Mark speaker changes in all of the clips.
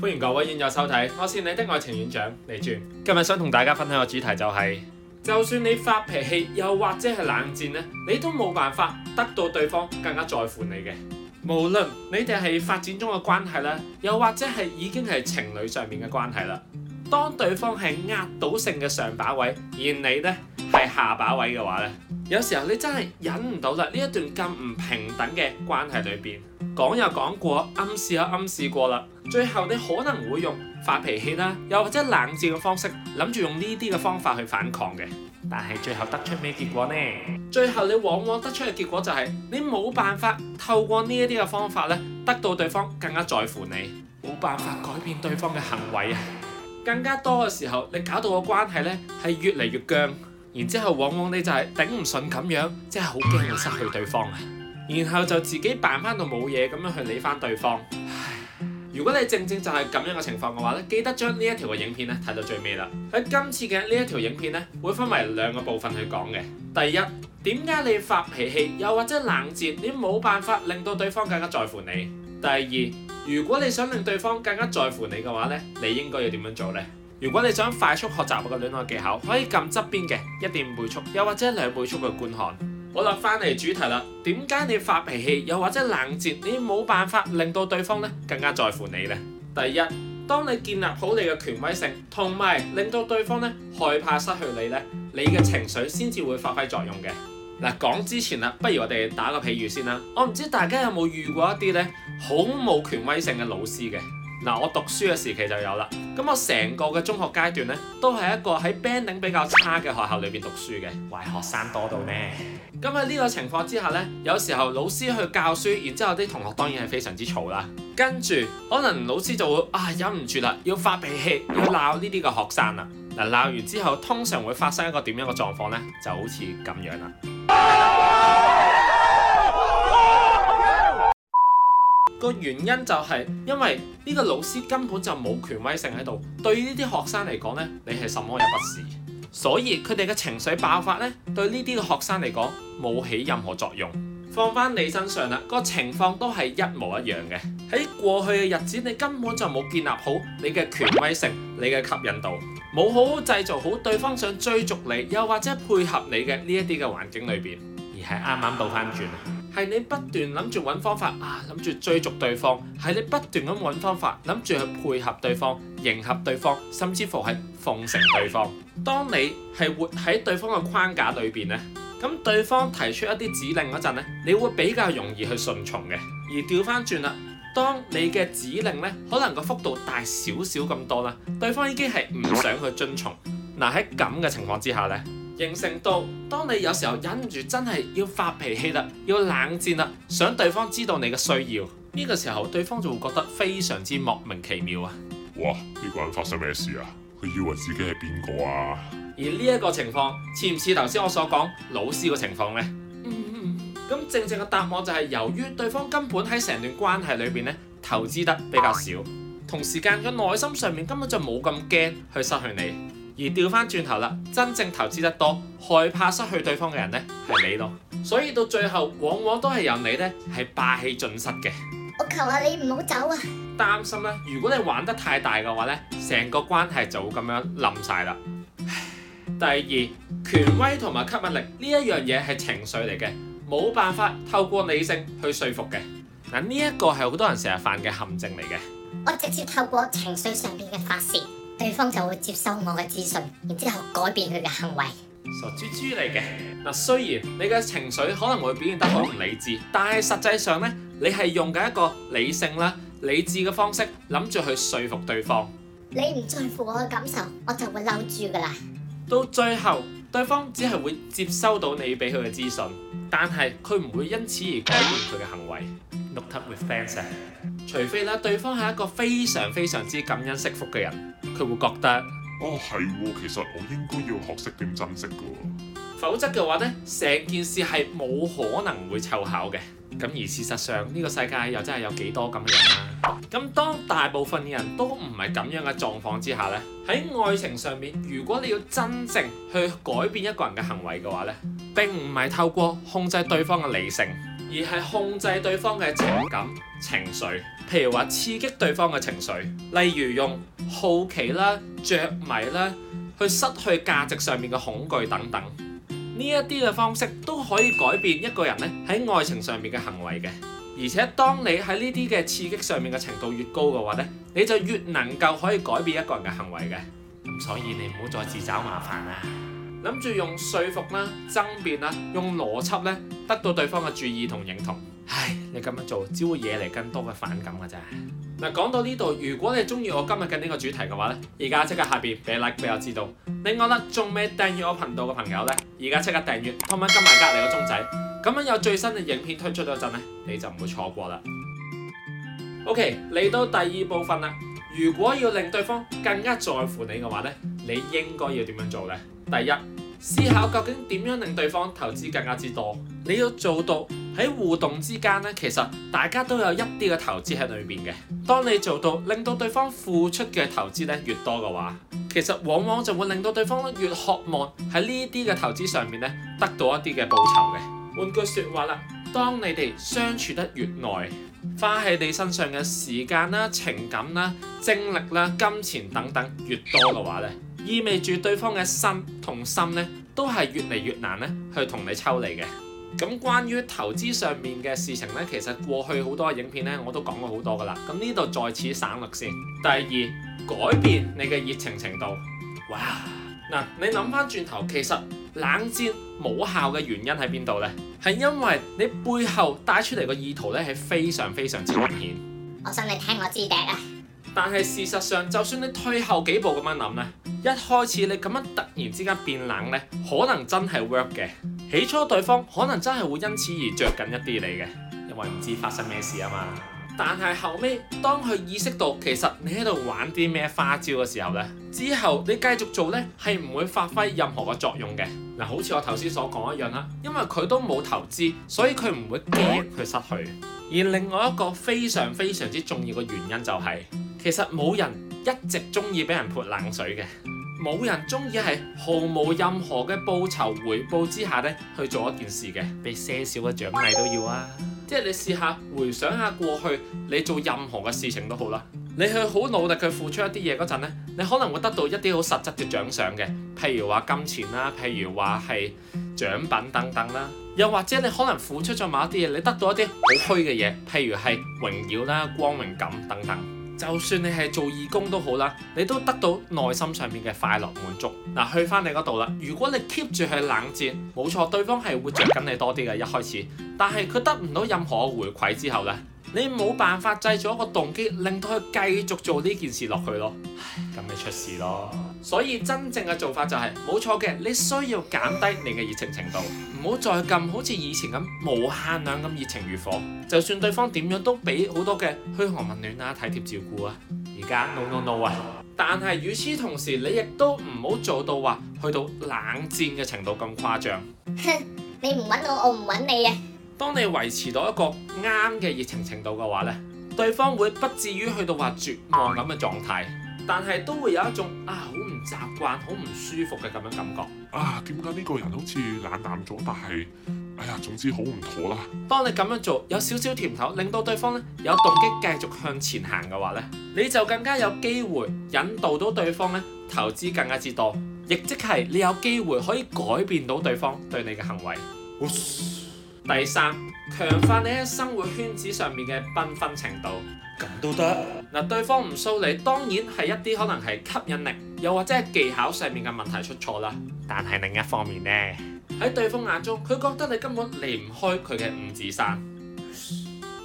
Speaker 1: 歡迎各位觀眾收睇，我是你的愛情院長李專。今日想同大家分享嘅主題就係、是，就算你發脾氣，又或者係冷戰咧，你都冇辦法得到對方更加在乎你嘅。無論你哋係發展中嘅關係啦，又或者係已經係情侶上面嘅關係啦，當對方係壓倒性嘅上把位，而你呢係下把位嘅話咧，有時候你真係忍唔到啦，呢一段咁唔平等嘅關係裏邊。講又講過，暗示又暗示過啦，最後你可能會用發脾氣啦，又或者冷戰嘅方式，諗住用呢啲嘅方法去反抗嘅，但係最後得出咩結果呢？最後你往往得出嘅結果就係你冇辦法透過呢一啲嘅方法咧，得到對方更加在乎你，冇辦法改變對方嘅行為啊！更加多嘅時候，你搞到個關係咧係越嚟越僵，然之後往往你就係頂唔順咁樣，即係好驚你失去對方啊！然後就自己扮翻到冇嘢咁樣去理翻對方。如果你正正就係咁樣嘅情況嘅話咧，記得將呢一條嘅影片咧睇到最尾啦。喺今次嘅呢一條影片咧，會分為兩個部分去講嘅。第一，點解你發脾氣又或者冷戰，你冇辦法令到對方更加在乎你？第二，如果你想令對方更加在乎你嘅話咧，你應該要點樣做呢？如果你想快速學習我嘅戀愛技巧，可以撳側邊嘅一點五倍速又或者兩倍速去觀看。好啦，翻嚟主題啦。點解你發脾氣又或者冷戰，你冇辦法令到對方咧更加在乎你呢？第一，當你建立好你嘅權威性，同埋令到對方咧害怕失去你呢，你嘅情緒先至會發揮作用嘅。嗱，講之前啦，不如我哋打個比喻先啦。我唔知大家有冇遇過一啲咧好冇權威性嘅老師嘅。嗱，我讀書嘅時期就有啦。咁我成個嘅中學階段咧，都係一個喺 banding 比較差嘅學校裏邊讀書嘅壞學生多到咩？咁喺呢個情況之下呢，有時候老師去教書，然之後啲同學當然係非常之嘈啦。跟住可能老師就會啊忍唔住啦，要發脾氣，要鬧呢啲嘅學生啦。嗱，鬧完之後，通常會發生一個點樣嘅狀況呢？就好似咁樣啦。個原因就係因為呢個老師根本就冇權威性喺度，對呢啲學生嚟講呢，你係什麼也不是，所以佢哋嘅情緒爆發呢，對呢啲嘅學生嚟講冇起任何作用。放翻你身上啦，個情況都係一模一樣嘅。喺過去嘅日子，你根本就冇建立好你嘅權威性、你嘅吸引度，冇好好製造好對方想追逐你，又或者配合你嘅呢一啲嘅環境裏邊，而係啱啱倒翻轉。係你不斷諗住揾方法啊，諗住追逐對方；係你不斷咁揾方法，諗住去配合對方、迎合對方，甚至乎係奉承對方。當你係活喺對方嘅框架裏邊咧，咁對方提出一啲指令嗰陣咧，你會比較容易去順從嘅。而調翻轉啦，當你嘅指令咧，可能個幅度大少少咁多啦，對方已經係唔想去遵從。嗱，喺咁嘅情況之下呢。形成到，當你有時候忍唔住，真係要發脾氣啦，要冷戰啦，想對方知道你嘅需要，呢個時候對方就會覺得非常之莫名其妙啊！哇！呢個人發生咩事啊？佢以為自己係邊個啊？而呢一個情況似唔似頭先我所講老師嘅情況呢？嗯嗯。咁正正嘅答案就係由於對方根本喺成段關係裏邊咧投資得比較少，同時間嘅內心上面根本就冇咁驚去失去你。而調翻轉頭啦，真正投資得多、害怕失去對方嘅人呢，係你咯。所以到最後，往往都係由你呢，係霸氣盡失嘅。我求下你唔好走啊！擔心啦。如果你玩得太大嘅話呢，成個關係就咁樣冧晒啦。第二，權威同埋吸引力呢一樣嘢係情緒嚟嘅，冇辦法透過理性去說服嘅。嗱，呢一個係好多人成日犯嘅陷阱嚟嘅。我直接透過情緒上邊嘅發泄。對方就會接收我嘅資訊，然之後改變佢嘅行為。傻豬豬嚟嘅。嗱，雖然你嘅情緒可能會表現得好唔理智，但係實際上咧，你係用緊一個理性啦，理智嘅方式諗住去說服對方。你唔在乎我嘅感受，我就會嬲住噶啦。到最後，對方只係會接收到你俾佢嘅資訊。但係佢唔會因此而改變佢嘅行為。look up with fa、啊、ncy 除非咧、啊、對方係一個非常非常之感恩惜福嘅人，佢會覺得哦係喎、哦，其實我應該要學識點珍惜嘅。否則嘅話呢，成件事係冇可能會湊巧嘅。咁而事實上呢、這個世界又真係有幾多咁嘅人啦、啊？咁當大部分嘅人都唔係咁樣嘅狀況之下呢，喺愛情上面，如果你要真正去改變一個人嘅行為嘅話呢。並唔係透過控制對方嘅理性，而係控制對方嘅情感、情緒。譬如話刺激對方嘅情緒，例如用好奇啦、着迷啦，去失去價值上面嘅恐懼等等。呢一啲嘅方式都可以改變一個人咧，喺愛情上面嘅行為嘅。而且當你喺呢啲嘅刺激上面嘅程度越高嘅話咧，你就越能夠可以改變一個人嘅行為嘅。所以你唔好再自找麻煩啦。諗住用說服啦、爭辯啦，用邏輯咧，得到對方嘅注意同認同。唉，你咁樣做只會惹嚟更多嘅反感嘅啫。嗱，講到呢度，如果你中意我今日嘅呢個主題嘅話咧，而家即刻下邊俾 like 俾我知道。另外咧，仲未訂閱我頻道嘅朋友咧，而家即刻訂閱，同埋撳埋隔籬嘅鐘仔，咁樣有最新嘅影片推出嗰陣咧，你就唔會錯過啦。OK，嚟到第二部分啦。如果要令對方更加在乎你嘅話咧，你應該要點樣做咧？第一，思考究竟點樣令對方投資更加之多。你要做到喺互動之間咧，其實大家都有一啲嘅投資喺裏面嘅。當你做到令到對方付出嘅投資咧越多嘅話，其實往往就會令到對方越渴望喺呢啲嘅投資上面咧得到一啲嘅報酬嘅。換句説話啦，當你哋相處得越耐，花喺你身上嘅時間啦、情感啦、精力啦、金錢等等越多嘅話咧，意味住對方嘅心同心咧，都係越嚟越難咧去同你抽離嘅。咁關於投資上面嘅事情咧，其實過去好多影片咧，我都講過好多噶啦。咁呢度再次省略先。第二，改變你嘅熱情程度。哇！嗱，你諗翻轉頭，其實冷戰冇效嘅原因喺邊度呢？係因為你背後帶出嚟嘅意圖咧，係非常非常之明顯。我想你聽我知啲啊。但係事實上，就算你退後幾步咁樣諗呢。一開始你咁樣突然之間變冷呢，可能真係 work 嘅。起初對方可能真係會因此而着緊一啲你嘅，因為唔知發生咩事啊嘛。但係後尾，當佢意識到其實你喺度玩啲咩花招嘅時候呢，之後你繼續做呢，係唔會發揮任何嘅作用嘅。嗱，好似我頭先所講一樣啦，因為佢都冇投資，所以佢唔會驚佢失去。而另外一個非常非常之重要嘅原因就係，其實冇人一直鍾意俾人潑冷水嘅。冇人中意係毫無任何嘅報酬回報之下咧去做一件事嘅，俾些少嘅獎勵都要啊！即係你試下回想下過去，你做任何嘅事情都好啦，你去好努力去付出一啲嘢嗰陣咧，你可能會得到一啲好實質嘅獎賞嘅，譬如話金錢啦，譬如話係獎品等等啦，又或者你可能付出咗某一啲嘢，你得到一啲好虛嘅嘢，譬如係榮耀啦、光榮感等等。就算你係做義工都好啦，你都得到內心上面嘅快樂滿足。嗱，去返你嗰度啦。如果你 keep 住去冷戰，冇錯，對方係會着緊你多啲嘅。一開始，但係佢得唔到任何回饋之後呢，你冇辦法製造一個動機，令到佢繼續做呢件事落去咯。唉，咁你出事咯。所以真正嘅做法就係冇錯嘅，你需要減低你嘅熱情程度，唔好再咁好似以前咁無限量咁熱情如火。就算對方點樣都俾好多嘅噓寒問暖啊，體貼照顧啊，而家 no no no 啊！但係與此同時，你亦都唔好做到話去到冷戰嘅程度咁誇張。哼，你唔揾我，我唔揾你嘅啊。當你維持到一個啱嘅熱情程度嘅話呢，對方會不至於去到話絕望咁嘅狀態。但係都會有一種啊，好唔習慣，好唔舒服嘅咁樣感覺啊。點解呢個人好似冷淡咗？但係哎呀，總之好唔妥啦。當你咁樣做，有少少甜頭，令到對方呢有動機繼續向前行嘅話呢，你就更加有機會引導到對方呢投資更加之多，亦即係你有機會可以改變到對方對你嘅行為。哦、嘶第三。強化你喺生活圈子上面嘅繽紛程度，咁都得。嗱，對方唔騷你，當然係一啲可能係吸引力，又或者係技巧上面嘅問題出錯啦。但係另一方面呢，喺對方眼中，佢覺得你根本離唔開佢嘅五指山。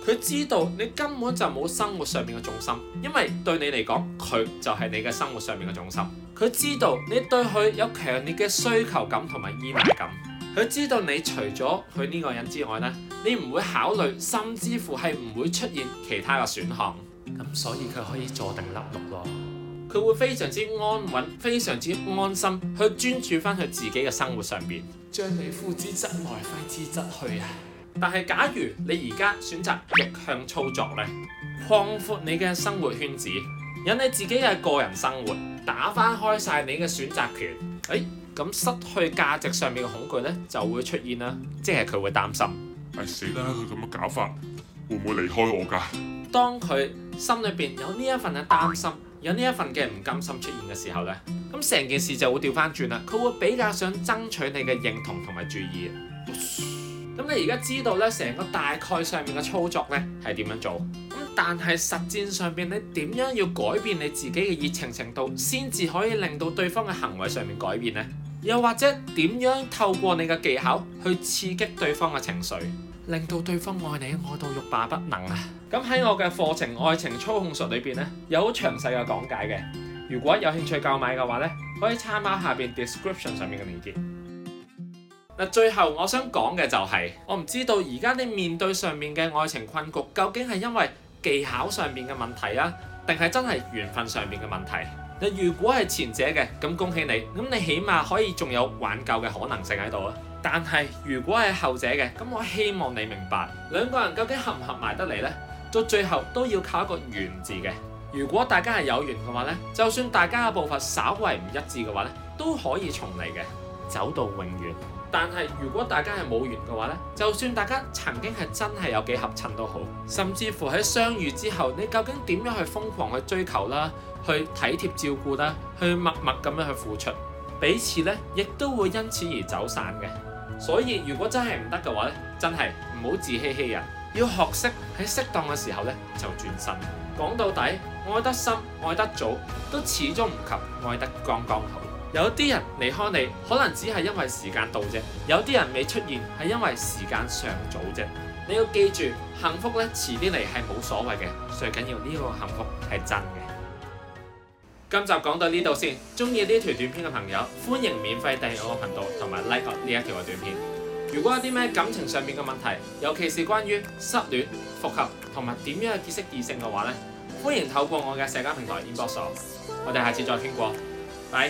Speaker 1: 佢知道你根本就冇生活上面嘅重心，因為對你嚟講，佢就係你嘅生活上面嘅重心。佢知道你對佢有強烈嘅需求感同埋依賴感。佢知道你除咗佢呢個人之外呢，你唔會考慮，甚至乎係唔會出現其他嘅選項。咁所以佢可以坐定粒六咯。佢會非常之安穩，非常之安心，去專注翻佢自己嘅生活上邊。將你呼之則來，揮之則去啊！但係假如你而家選擇逆向操作呢，擴闊你嘅生活圈子，引你自己嘅個人生活，打翻開晒你嘅選擇權，誒、哎？咁失去價值上面嘅恐懼呢，就會出現啦，即係佢會擔心。唉死啦！佢咁嘅搞法，會唔會離開我㗎？當佢心裏邊有呢一份嘅擔心，有呢一份嘅唔甘心出現嘅時候呢，咁成件事就會調翻轉啦。佢會比較想爭取你嘅認同同埋注意。咁噓你而家知道呢，成個大概上面嘅操作呢係點樣做？咁但係實戰上邊，你點樣要改變你自己嘅熱情程度，先至可以令到對方嘅行為上面改變呢？又或者點樣透過你嘅技巧去刺激對方嘅情緒，令到對方愛你愛到欲罷不能啊！咁喺我嘅課程《愛情操控術》裏邊咧，有好詳細嘅講解嘅。如果有興趣購買嘅話咧，可以參考下邊 description 上面嘅連結。最後我想講嘅就係，我唔知道而家你面對上面嘅愛情困局，究竟係因為技巧上面嘅問題啊，定係真係緣分上面嘅問題？如果係前者嘅，咁恭喜你，咁你起碼可以仲有挽救嘅可能性喺度啊！但係如果係後者嘅，咁我希望你明白，兩個人究竟合唔合埋得嚟呢？到最後都要靠一個緣字嘅。如果大家係有緣嘅話呢，就算大家嘅步伐稍為唔一致嘅話呢，都可以重嚟嘅，走到永遠。但係如果大家係冇緣嘅話呢，就算大家曾經係真係有幾合襯都好，甚至乎喺相遇之後，你究竟點樣去瘋狂去追求啦，去體貼照顧啦，去默默咁樣去付出，彼此呢亦都會因此而走散嘅。所以如果真係唔得嘅話呢，真係唔好自欺欺人，要學識喺適當嘅時候呢，就轉身。講到底，愛得深、愛得早，都始終唔及愛得剛剛好。有啲人離開你，可能只係因為時間到啫；有啲人未出現係因為時間尚早啫。你要記住，幸福咧遲啲嚟係冇所謂嘅，最緊要呢個幸福係真嘅。今集講到呢度先，中意呢條短片嘅朋友歡迎免費訂閱我個頻道同埋 like 呢一條嘅短片。如果有啲咩感情上面嘅問題，尤其是關於失戀、復合同埋點樣去結識異性嘅話咧，歡迎透過我嘅社交平台 inbox 我。我哋下次再傾過，拜。